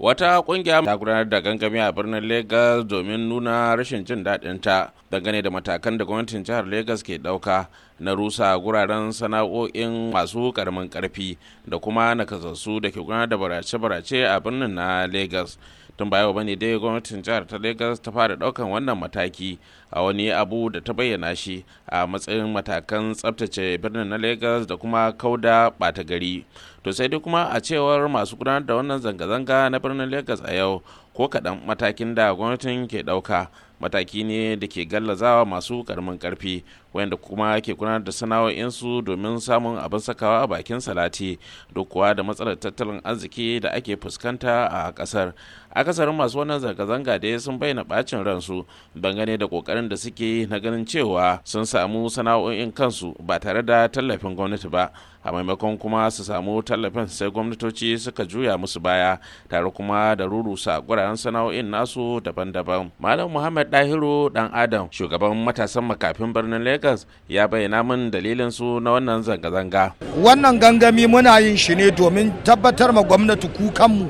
wata kungiya ta gudanar da gangami a birnin Legas domin nuna rashin jin daɗin ta dangane da matakan da gwamnatin jihar Legas ke ɗauka na rusa guraren sana'o'in masu karamin karfi da kuma nakasassu da ke gudanar da barace-barace a birnin na lagos tun bayan bane dai gwamnatin jihar ta lagos ta fara daukan wannan mataki a wani abu da ta bayyana shi a matsayin matakan tsabtace birnin na lagos da kuma kauda bata gari to sai dai kuma a cewar masu gudanar da wannan zanga-zanga na birnin lagos a yau ko kaɗan matakin da gwamnatin ke ɗauka mataki ne da ke gallazawa masu ƙaramin ƙarfi, wanda kuma ke gudanar da sana'o'insu domin samun abin sakawa a bakin salati duk kuwa da matsalar tattalin arziki da ake fuskanta a kasar akasarin masu wannan zanga-zanga da sun bayyana bacin ransu dangane da ƙoƙarin da suke na ganin cewa sun samu sana'o'in kansu ba tare da tallafin gwamnati ba a maimakon kuma su samu tallafin sai gwamnatoci suka juya musu baya tare kuma da rurusa guraren sana'o'in nasu daban-daban malam muhammad dahiru dan adam shugaban matasan makafin birnin lagos ya bayyana min dalilin su na wannan zanga-zanga wannan gangami muna yin shi ne domin tabbatar ma gwamnati kukanmu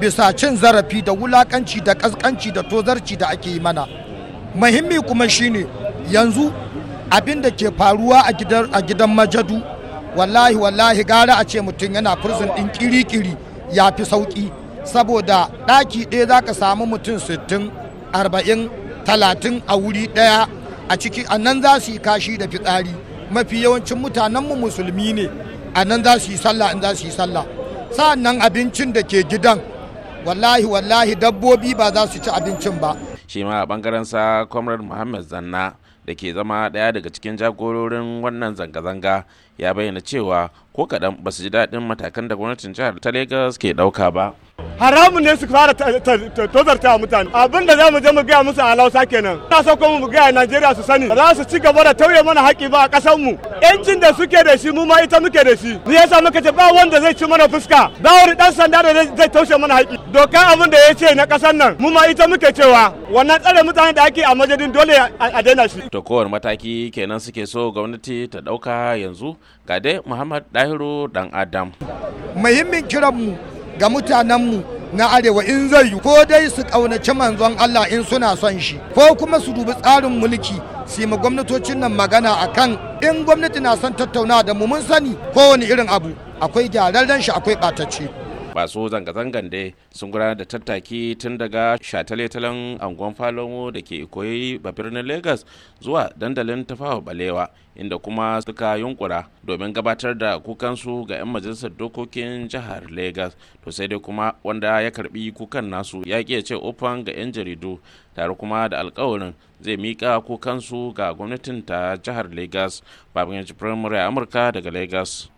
bisa cin zarafi da wulakanci da kaskanci da tozarci da ake yi mana muhimmi kuma shine yanzu abin da ke faruwa a gidan majadu wallahi wallahi gara a ce mutum yana prison ɗin kiri-kiri ya fi sauƙi saboda ɗaki ɗaya za ka samu mutum sittin arba'in talatin a wuri ɗaya a ciki a nan za su yi kashi da fitsari mafi yawancin mutanenmu musulmi ne a nan za su yi sallah in za su yi sallah sa'an nan abincin da ke gidan wallahi wallahi dabbobi ba za su ci abincin ba shi a bangaren sa comrade muhammad zanna da ke zama ɗaya daga cikin jagororin wannan zanga-zanga ya bayyana cewa ko kaɗan ba su ji daɗin matakan da gwamnatin jihar ta Legas ke ɗauka ba. haramun ne su fara tozarta mutane abin da za mu je mu gaya musu a lausa kenan na so kuma mu gaya najeriya su sani za su ci gaba da tauye mana haƙi ba a ƙasar mu yancin da suke da shi mu ma ita muke da shi ni yasa muka ce ba wanda zai ci mana fuska ba wani dan sanda da zai taushe mana haƙi doka abin da ya ce na ƙasar nan mu ma ita muke cewa wannan tsare mutane da ake a majadin dole a daina shi to kowar mataki kenan suke so gwamnati ta ɗauka yanzu ga dai muhammad dahiru dan adam muhimmin kiranmu ga mutanenmu na arewa in zai yi ko dai su ƙaunaci manzon Allah in suna son shi ko kuma su dubi tsarin mulki su ma gwamnatocin nan magana akan in gwamnati na son tattauna da mu mun sani kowane irin abu akwai gyararren shi akwai ɓatacce masu zanga-zangan dai sun gudanar da tattaki tun daga shataletalen angon falomo da ke koyi ba birnin lagos zuwa dandalin tafawa balewa inda kuma suka yunkura domin gabatar da kukansu ga 'yan majalisar dokokin jihar lagos to sai dai kuma wanda ya karbi kukan nasu ya ƙi ce ofan ga 'yan jaridu tare kuma da alkawarin zai mika kukansu ga gwamnatin ta jihar lagos babin primary amurka daga lagos